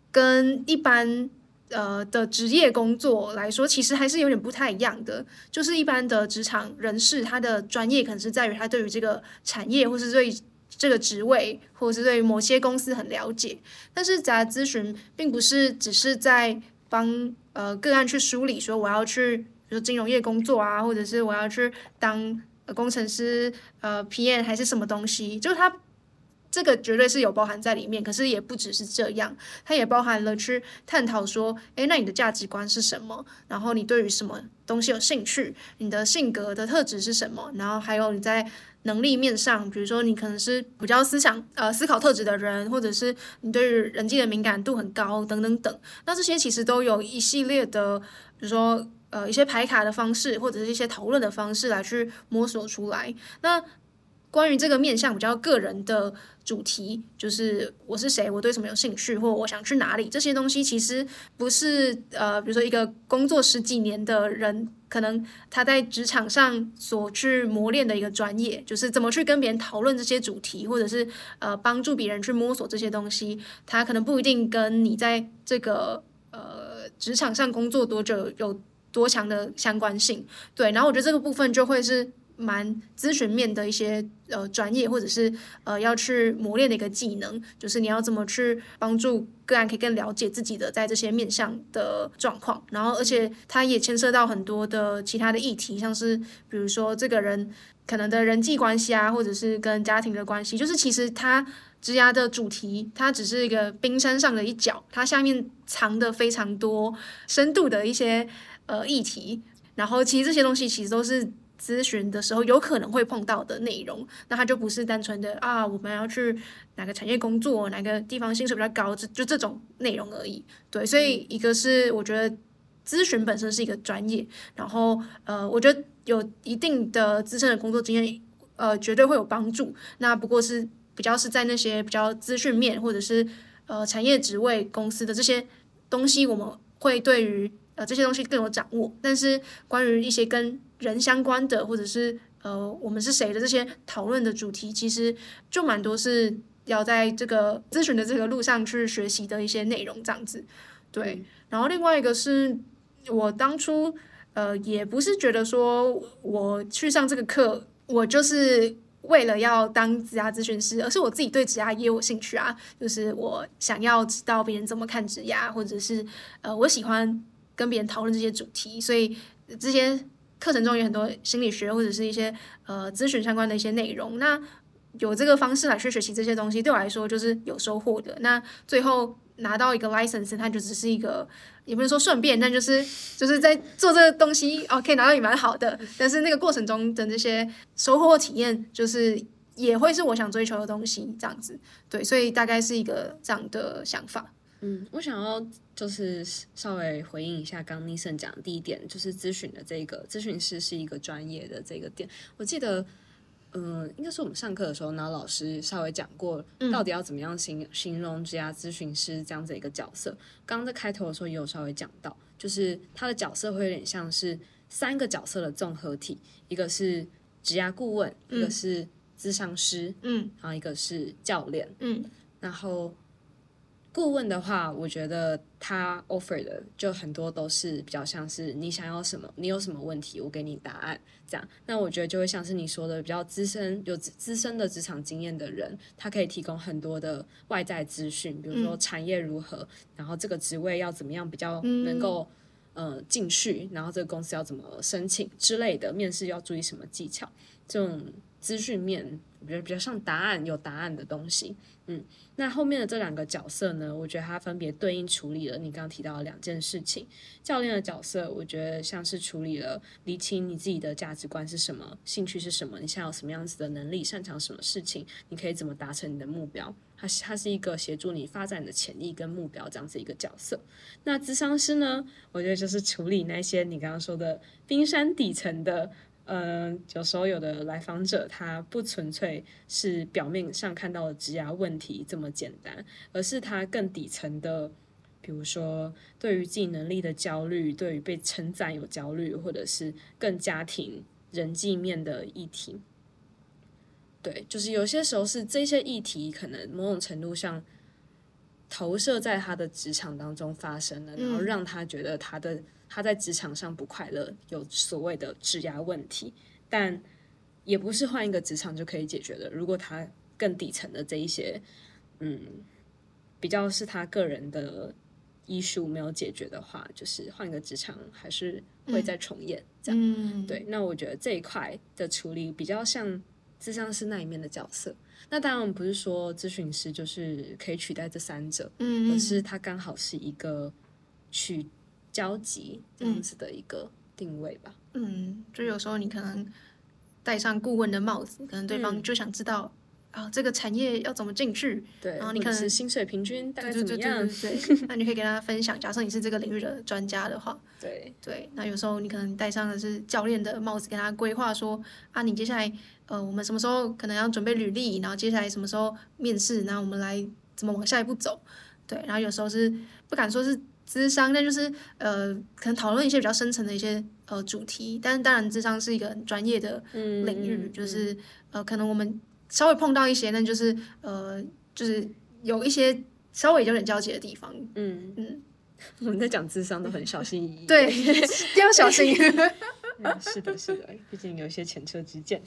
跟一般呃的職業工作來說，其實還是有點不太一樣的。就是一般的職場人士，他的專業可能是在於他對於這個產業或是對。這個職位，或者是對於某些公司很了解，但是職涯諮詢並不是只是在幫呃個案去梳理，說我要去，比如金融業工作啊，或者是我要去當、呃、工程師、呃 PM 還是什麼東西，就是他。這個絕對是有包含在裡面，可是也不只是這樣，它也包含了去探討說，誒，那你的價值觀是什麼？然後你對於什麼東西有興趣？你的性格的特質是什麼？然後還有你在能力面上，比如說你可能是比較思想呃思考特質的人，或者是你對於人際的敏感度很高等等等。那這些其實都有一系列的，比如說呃一些牌卡的方式，或者是一些討論的方式來去摸索出來。那關於這個面向比較個人的主題，就是我是誰，我對什麼有興趣，或我想去哪裡這些東西，其實不是呃，比如說一個工作十幾年的人，可能他在職場上所去磨練的一個專業，就是怎麼去跟別人討論這些主題，或者是呃幫助別人去摸索這些東西，他可能不一定跟你在這個呃職場上工作多久有有多強的相關性。對，然後我覺得這個部分就會是。蠻諮詢面的一些呃專業，或者是呃要去磨練的一個技能，就是你要怎麼去幫助個案可以更了解自己的在這些面向的狀況，然後而且它也牽涉到很多的其他的議題，像是比如說這個人可能的人際關係啊，或者是跟家庭的關係，就是其實它職涯的主題，它只是一個冰山上的一角，它下面藏的非常多深度的一些呃議題，然後其實這些東西其實都是。諮詢的時候有可能會碰到的內容，那它就不是單純的啊，我們要去哪個產業工作，哪個地方薪水比較高，就就這種內容而已。對，所以一個是我覺得諮詢本身是一個專業，然後呃，我覺得有一定的資深的工作經驗，呃，絕對會有幫助。那不過是比較是在那些比較資訊面或者是呃產業職位公司的這些東西，我們會對於呃這些東西更有掌握。但是關於一些跟人相關的，或者是呃，我們是誰的這些討論的主題，其實就蠻多是要在這個諮詢的這個路上去學習的一些內容，這樣子。對、嗯。然後另外一個是我當初呃，也不是覺得說我去上這個課，我就是為了要當職涯諮詢師，而是我自己對職涯也有興趣啊，就是我想要知道別人怎麼看職涯，或者是呃，我喜歡跟別人討論這些主題，所以這些，課程中有很多心理學或者是一些呃諮詢相關的一些內容，那有這個方式來去學習這些東西，對我來說就是有收穫的。那最後拿到一個 license，它就只是一個也不能說順便，但就是就是在做這個東西哦，可以拿到也蠻好的。但是那個過程中的那些收穫體驗，就是也會是我想追求的東西，這樣子。對，所以大概是一個這樣的想法。嗯，我想要。就是稍微回應一下剛 Nissen 講的第一點，就是諮詢的這個諮詢師是一個專業的這個點。我記得，嗯、呃，應該是我們上課的時候，呢老師稍微講過，到底要怎麼樣形形容職涯諮詢師這樣子一個角色、嗯。剛剛在開頭的時候也有稍微講到，就是他的角色會有點像是三個角色的綜合體，一個是職涯顧問，一個是諮商師，嗯，然後一個是教練，嗯，然後。顧問的話，我覺得他 offer 的就很多都是比較像是你想要什麼，你有什麼問題，我給你答案這樣。那我覺得就會像是你說的，比較資深有資深的職場經驗的人，他可以提供很多的外在資訊，比如說產業如何，嗯、然後這個職位要怎麼樣比較能夠、嗯、呃進去，然後這個公司要怎麼申請之類的，面試要注意什麼技巧，這種資訊面，我覺得比較像答案有答案的東西。嗯，那後面的這兩個角色呢？我覺得它分別對應處理了你剛剛提到的兩件事情。教練的角色，我覺得像是處理了理清你自己的價值觀是什麼、興趣是什麼、你想要什麼樣子的能力、擅長什麼事情、你可以怎麼達成你的目標。它是它是一個協助你發展你的潛力跟目標這樣子一個角色。那諮商師呢？我覺得就是處理那些你剛剛說的冰山底層的。嗯、呃，有時候有的來訪者他不純粹是表面上看到的職涯問題這麼簡單，而是他更底層的，比如說對於自己能力的焦慮，對於被稱讚有焦慮，或者是更家庭人際面的議題。對，就是有些時候是這些議題可能某種程度上投射在他的職場當中發生了，嗯、然後讓他覺得他的。他在職場上不快樂，有所謂的職涯問題，但也不是換一個職場就可以解決的。如果他更底層的這一些，嗯，比較是他個人的醫術沒有解決的話，就是換一個職場還是會再重演、嗯、這樣。對，那我覺得這一塊的處理比較像諮商師那一面的角色。那當然我們不是說諮詢師就是可以取代這三者，嗯，而是他剛好是一個取。交集這樣子的一個定位吧。嗯，就有時候你可能戴上顧問的帽子，嗯、可能對方就想知道、嗯、啊，這個產業要怎麼進去？對，然後你可能薪水平均大概怎麼樣？對，對，對，對，對， 對，那你可以跟大家分享。假設你是這個領域的專家的話，對對。那有時候你可能戴上的是教練的帽子，跟他規劃說啊，你接下來呃，我們什麼時候可能要準備履歷？然後接下來什麼時候面試？然後我們來怎麼往下一步走？對，然後有時候是不敢說是。諮商，那就是呃，可能討論一些比較深層的一些呃主題，但是當然，諮商是一個很專業的領域，嗯嗯、就是呃，可能我們稍微碰到一些，那就是呃，就是有一些稍微有點交集的地方。嗯嗯，我們在講諮商都很小心翼翼，對， 要小心、 嗯。是的，是的，畢竟有一些前車之鑑。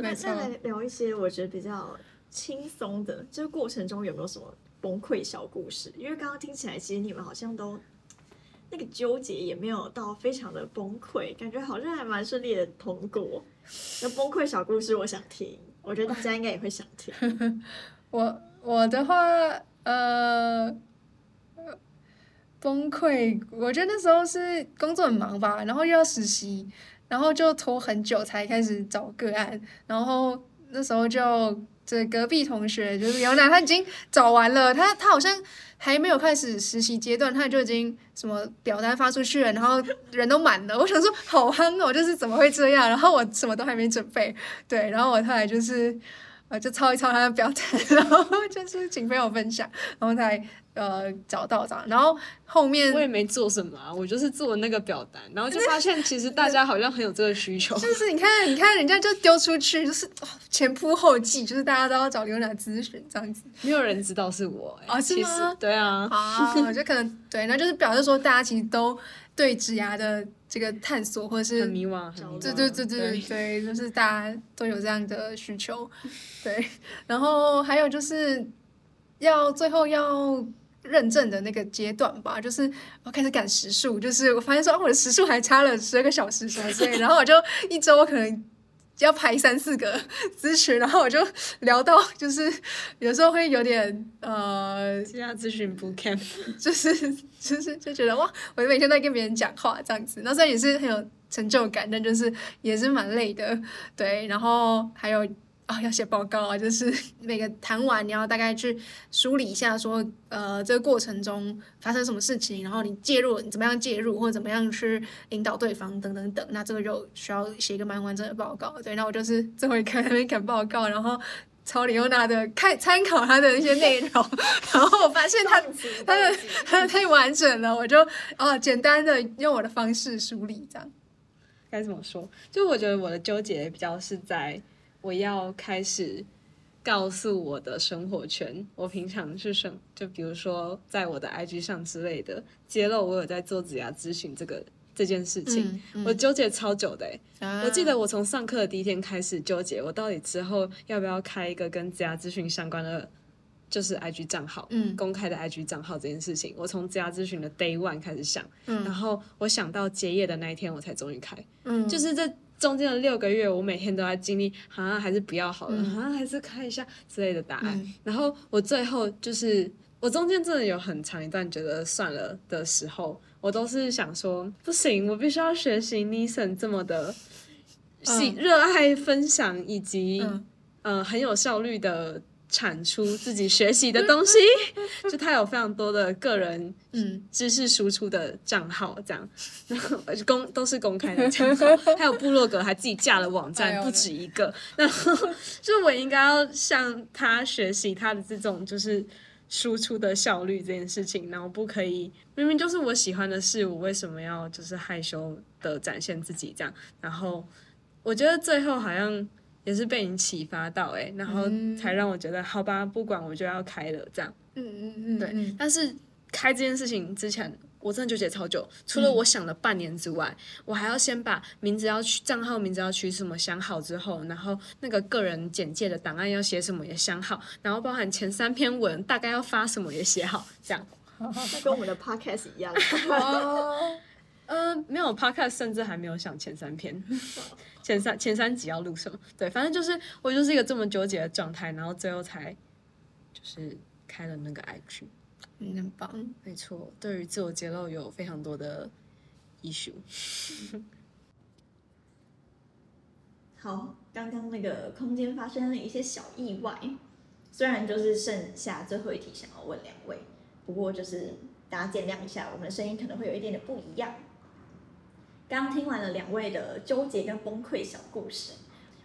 來， 再來聊一些我覺得比較輕鬆的，這、就、個、是、過程中有沒有什麼？崩潰小故事，因為剛剛聽起來其實你們好像都那個糾結也沒有到非常的崩潰，感覺好像還蠻順利的通過。那崩潰小故事我想聽，我覺得大家應該也會想聽。我我的話，呃，崩潰，我覺得那時候是工作很忙吧，然後又要實習，然後就拖很久才開始找個案，然後那時候就。是隔壁同學，就是原來他已經找完了，他他好像還沒有開始實習階段，他就已經什麼表單發出去了，然後人都滿了。我想說好憨哦，我就是怎麼會這樣？然後我什麼都還沒準備，對，然後我後來就是我就抄一抄他的表單，然後就是請朋友分享，然後才。呃，找到這樣。然後後面我也沒做什麼、啊，我就是做那個表單，然後就發現其實大家好像很有這個需求。 就是你看，你看人家就丟出去，就是前仆後繼，就是大家都要找 Leona 諮詢這樣子。沒有人知道是我，欸，啊，哦，是嗎？其實 對啊，啊，就可能對，那就是表示說大家其實都對職涯的這個探索，或者是很迷惘，很迷惘，對對對對對，對，就是大家都有這樣的需求。對，然後還有就是要最後要。認證的那個階段吧，就是我開始趕時數，就是我發現說啊，我的時數還差了十二個小時什麼之類，所以然後我就一周可能要排三四個諮詢，然後我就聊到就是有時候會有點呃，線下諮詢不看，就是就是就覺得哇，我每天在跟別人講話這樣子，雖然也是很有成就感，但就是也是蠻累的，對，然後還有。哦、要寫報告啊，就是每個談完你要大概去梳理一下說，說呃這個過程中發生什麼事情，然後你介入你怎麼樣介入，或者怎麼樣去引導對方等等等，那這個就需要寫一個蠻完整的報告。對，那我就是這回看那邊看報告，然後抄 Leona 的看參考她的一些內容， 然後我發現她她的，的太完整了，我就哦、呃、簡單的用我的方式梳理這樣，該怎麼說？就我覺得我的糾結比較是在。我要開始告訴我的生活圈，我平常是什？就比如說，在我的 IG 上之類的，揭露我有在做職涯諮詢這個這件事情，嗯嗯、我糾結超久的、啊、我記得我從上課的第一天開始糾結，我到底之後要不要開一個跟職涯諮詢相關的，就是 IG 賬號、嗯，公開的 IG 賬號這件事情，我從職涯諮詢的 Day One 開始想、嗯，然後我想到結業的那一天，我才終於開，嗯，就是這。中間的六個月，我每天都在經歷，好、啊、像還是不要好了，好、嗯、像、啊、還是看一下之類的答案、嗯。然後我最後就是，我中間真的有很長一段覺得算了的時候，我都是想說，不行，我必須要學習 Nissen 這麼的喜，喜、嗯、熱愛分享以及、嗯、呃很有效率的。產出自己學習的東西，就他有非常多的個人嗯知識輸出的賬號這樣，然後公都是公開的賬號，還有部落格還自己架了網站，不止一個。哎、然後，就我應該要向他學習他的這種就是輸出的效率這件事情，然後不可以明明就是我喜歡的事，我為什麼要就是害羞的展現自己這樣？然後，我覺得最後好像，也是被你啟發到哎、欸，然後才讓我覺得好吧，不管我就要開了這樣。嗯嗯嗯，對、嗯嗯。但是開這件事情之前，我真的糾結超久，除了我想了半年之外，嗯、我還要先把名字要去取賬號名字要取什麼想好之後，然後那個個人簡介的檔案要寫什麼也想好，然後包含前三篇文大概要發什麼也寫好，這樣。 跟我們的 podcast 一樣。 oh. 沒有 podcast 甚至還沒有想前三篇、前三前三集要錄什麼。對，反正就是我就是一個這麼糾結的狀態，然後最後才就是開了那個 IG。很棒，沒錯，對於自我揭露有非常多的 issue。嗯、 好，剛剛那個空間發生了一些小意外，雖然就是剩下最後一題想要問兩位，不過就是大家見諒一下，我們的聲音可能會有一點點不一樣。剛聽完了兩位的糾結跟崩潰小故事，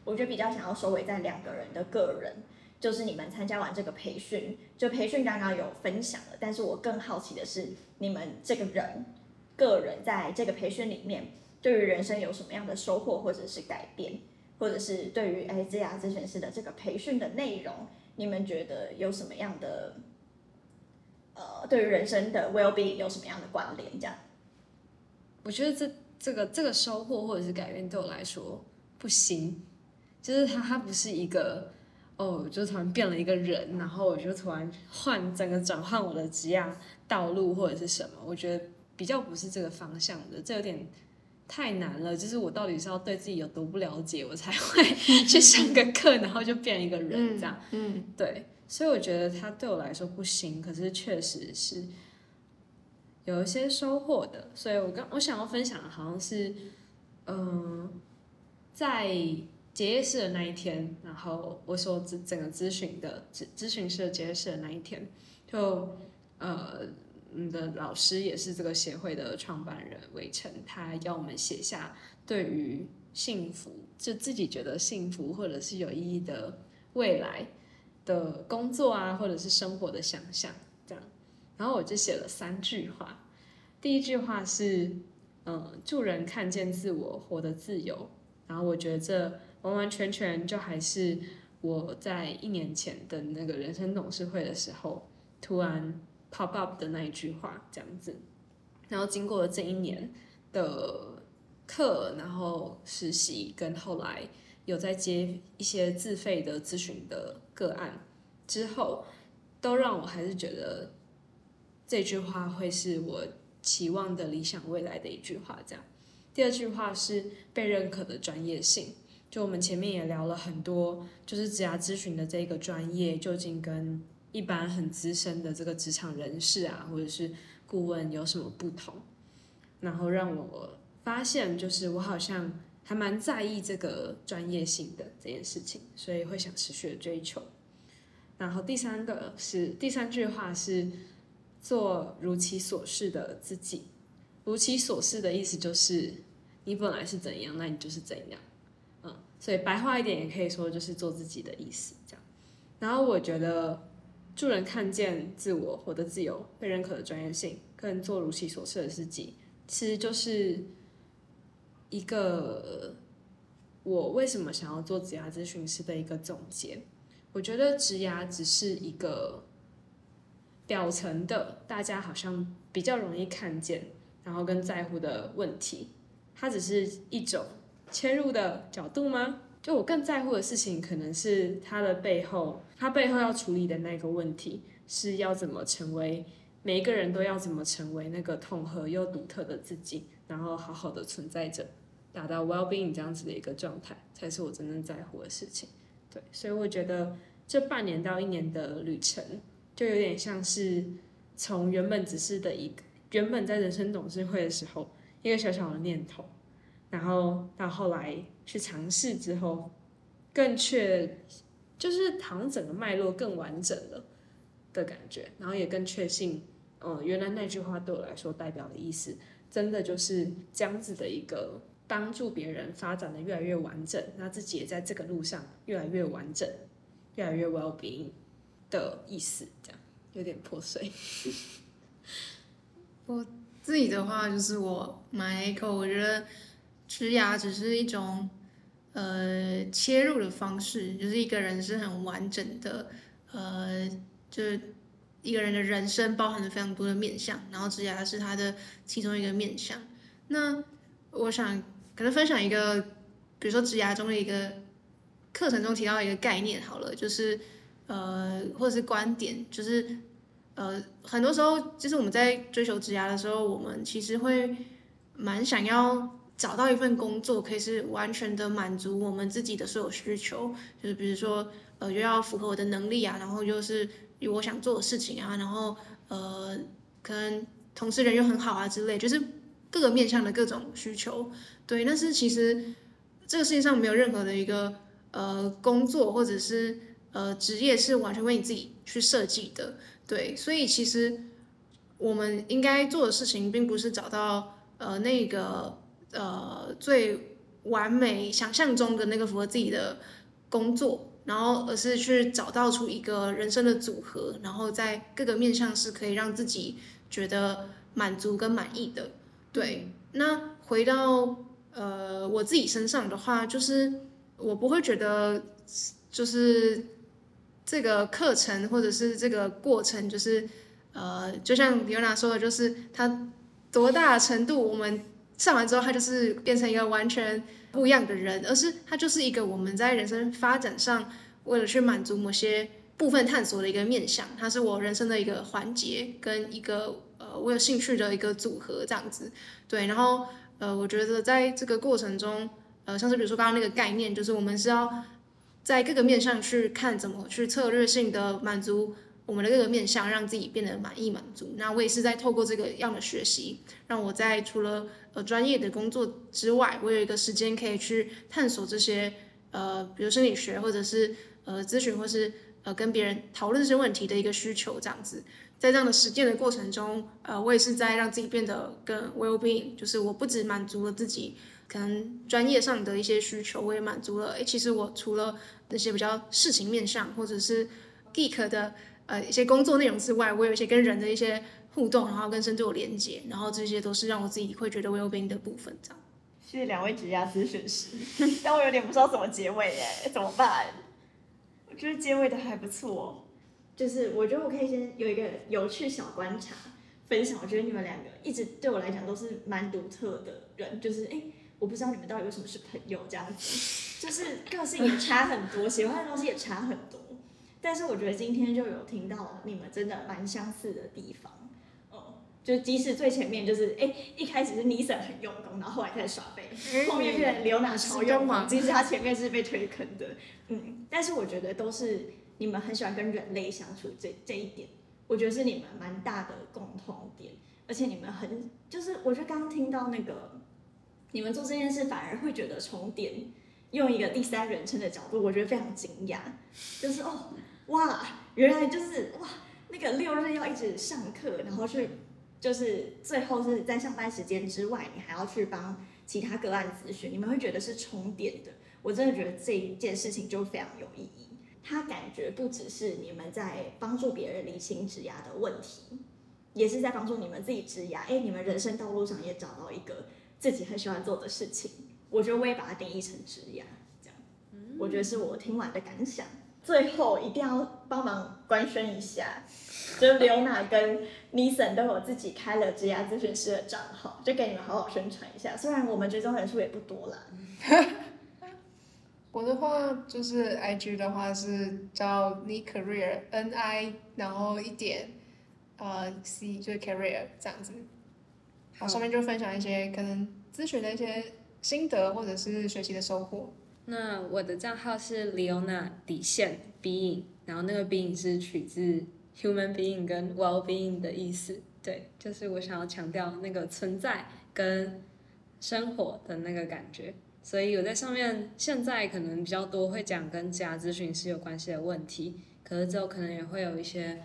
我覺得比較想要收尾在兩個人的個人，就是你們參加完這個培訓，就培訓剛剛有分享了，但是我更好奇的是你們這個人個人在這個培訓裡面，對於人生有什麼樣的收穫或者是改變，或者是對於 A G R 諮詢師的這個培訓的內容，你們覺得有什麼樣的呃，對於人生的 well being 有什麼樣的關聯？這樣，我覺得這。這個這個收穫或者是改變對我來說不行，就是它它不是一個哦，就突然變了一個人，然後我就突然換整個轉換我的職業道路或者是什麼，我覺得比較不是這個方向的，這有點太難了。就是我到底是要對自己有多不了解，我才會去上個課，嗯，然後就變一個人這樣嗯。嗯，對，所以我覺得它對我來說不行，可是確實是。有一些收穫的，所以我剛我想要分享的，好像是，嗯、呃，在結業式的那一天，然後我說整整個諮詢的諮諮詢師的結業式的那一天，就呃，你的老師也是這個協會的創辦人魏晨，他要我們寫下對於幸福，就自己覺得幸福或者是有意義的未來的工作啊，或者是生活的想象。然後我就寫了三句話，第一句話是“嗯，助人看見自我，活得自由。”然後我覺得這完完全全就還是我在一年前的那個人生董事會的時候突然 pop up 的那一句話這樣子。然後經過了這一年的課，然後實習，跟後來有在接一些自費的諮詢的個案之後，都讓我還是覺得。這句話會是我期望的理想未來的一句話。這樣，第二句話是被認可的專業性。就我們前面也聊了很多，就是職涯諮詢的這個專業究竟跟一般很資深的這個職場人士啊，或者是顧問有什麼不同？然後讓我發現，就是我好像還蠻在意這個專業性的這件事情，所以會想持續的追求。然後第三個是第三句話是。做如其所是的自己，如其所是的意思就是你本來是怎樣，那你就是怎樣，嗯，所以白話一點也可以說就是做自己的意思，這樣。然後我覺得助人看見自我，獲得自由，被認可的專業性，跟做如其所是的自己，其實就是一個我為什麼想要做職涯諮詢師的一個總結。我覺得職涯只是一個。表層的，大家好像比較容易看見，然後跟在乎的問題，它只是一種切入的角度嗎？就我更在乎的事情，可能是它的背後，它背後要處理的那個問題，是要怎麼成為每一個人，都要怎麼成為那個統合又獨特的自己，然後好好的存在着，達到 well being 這樣子的一個狀態，才是我真正在乎的事情。對，所以我覺得這半年到一年的旅程。就有點像是從原本只是的一個原本在人生董事會的時候一個小小的念頭，然後到後來去嘗試之後，更確就是躺整個脈絡更完整了的感覺，然後也更確信，嗯，原來那句話對我來說代表的意思，真的就是這樣子的一個幫助別人發展得越來越完整，那自己也在這個路上越來越完整，越來越 well being。有意思這樣有點破碎。 我自己的話就是我，我 Michael 我覺得職涯只是一種呃切入的方式，就是一個人是很完整的，呃，就是一個人的人生包含了非常多的面相，然後職涯是他的其中一個面相。那我想可能分享一個，比如說職涯中的一個課程中提到一個概念，好了，就是。呃，或者是觀點，就是呃，很多時候，就是我們在追求職涯的時候，我們其實會蠻想要找到一份工作，可以是完全的滿足我們自己的所有需求。就是比如說，呃，又要符合我的能力啊，然後就是有我想做的事情啊，然後呃，可能同事人又很好啊之類，就是各個面向的各種需求。對，但是其實這個世界上沒有任何的一個呃工作，或者是。呃，職業是完全為你自己去設計的，對，所以其實我們應該做的事情，並不是找到呃那個呃最完美想象中的那個符合自己的工作，然後而是去找到出一個人生的組合，然後在各個面向是可以讓自己覺得滿足跟滿意的。對，那回到呃我自己身上的話，就是我不會覺得就是。這個課程或者是這個過程，就是，呃，就像 Leona 說的，就是他多大的程度我們上完之後，他就是變成一個完全不一樣的人，而是他就是一個我們在人生發展上為了去滿足某些部分探索的一個面向，他是我人生的一個環節跟一個呃我有興趣的一個組合這樣子。對，然後呃，我覺得在這個過程中，呃，像是比如說剛剛那個概念，就是我們是要。在各個面向去看，怎麼去策略性的滿足我們的各個面向，讓自己變得滿意滿足。那我也是在透過這個樣的學習，讓我在除了呃專業的工作之外，我有一個時間可以去探索這些呃，比如心理學或者是呃諮詢，或是呃跟別人討論這些問題的一個需求這樣子。在這樣的實踐的過程中，呃，我也是在讓自己變得更 well being，就是我不止滿足了自己。可能專業上的一些需求我也滿足了。哎、欸，其實我除了那些比較事情面向或者是 geek 的呃一些工作內容之外，我也有一些跟人的一些互動，然後跟深度有連接，然後這些都是讓我自己會覺得我有 being 的部分這樣。謝謝兩位職涯諮詢師。但我有點不知道怎麼結尾耶。怎麼辦？我覺得結尾的還不錯。就是我覺得我可以先有一個有趣小觀察分享。我覺得你們兩個一直對我來講都是蠻獨特的人，就是我不知道你們到底為什麼是朋友這樣子， 就是個性也差很多， 喜歡的東西也差很多。但是我覺得今天就有聽到你們真的蠻相似的地方，哦、 嗯，就是即使最前面就是哎、欸，一開始是 Nissen 很用功，然後後來開始耍廢， 後面變成 Leona 超用功， 其實他前面是被推坑的，嗯。但是我覺得都是你們很喜歡跟人類相處這這一點，我覺得是你們蠻大的共同點，而且你們很就是，我就剛聽到那個。你們做這件事反而會覺得充電，用一個第三人稱的角度，我覺得非常驚訝。就是哦，哇，原來就是哇，那個六日要一直上課，然後去就是最後是在上班時間之外，你還要去幫其他個案諮詢。你們會覺得是充電的，我真的覺得這一件事情就非常有意義。它感覺不只是你們在幫助別人理清職涯的問題，也是在幫助你們自己職涯。哎，你們人生道路上也找到一個。自己很喜歡做的事情，我覺得我也把它定義成職涯，這樣、嗯，我覺得是我聽完的感想。最後一定要幫忙官宣一下，就 Leona 跟 Nissen 都有自己開了職涯諮詢師的賬號就給你們好好宣傳一下。雖然我們追蹤人數也不多啦。 我的話就是 IG 的話是叫 ni career n i 然後一點呃 c 就是 career 這樣子。好，上面就分享一些可能諮詢的一些心得，或者是學習的收穫。那我的賬號是 Leona 底線 Being，然後那個 Being 是取自 human being 跟 well being 的意思，對，就是我想要強調那個存在跟生活的那個感覺。所以我在上面現在可能比較多會講跟職涯諮詢師有關係的問題，可是之後可能也會有一些。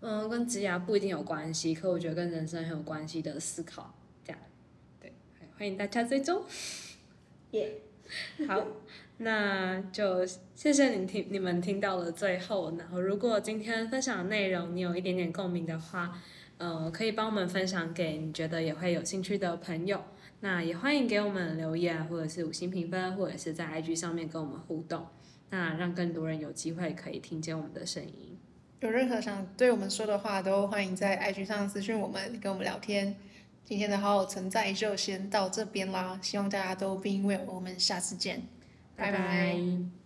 嗯，跟職涯不一定有關係，可我覺得跟人生很有關係的思考，這樣，對，歡迎大家追蹤，耶、yeah. 好，那就謝謝你聽你們聽到了最後，然後如果今天分享的內容你有一點點共鳴的話，呃，可以幫我們分享給你覺得也會有興趣的朋友，那也歡迎給我們留言或者是五星評分，或者是在 IG 上面跟我們互動，那讓更多人有機會可以聽見我們的聲音。有任何想對我們說的話，都歡迎在愛 g 上私信我們，跟我們聊天。今天的好好存在就先到這邊啦，希望大家都因為我們，我們下次見，拜拜。Bye bye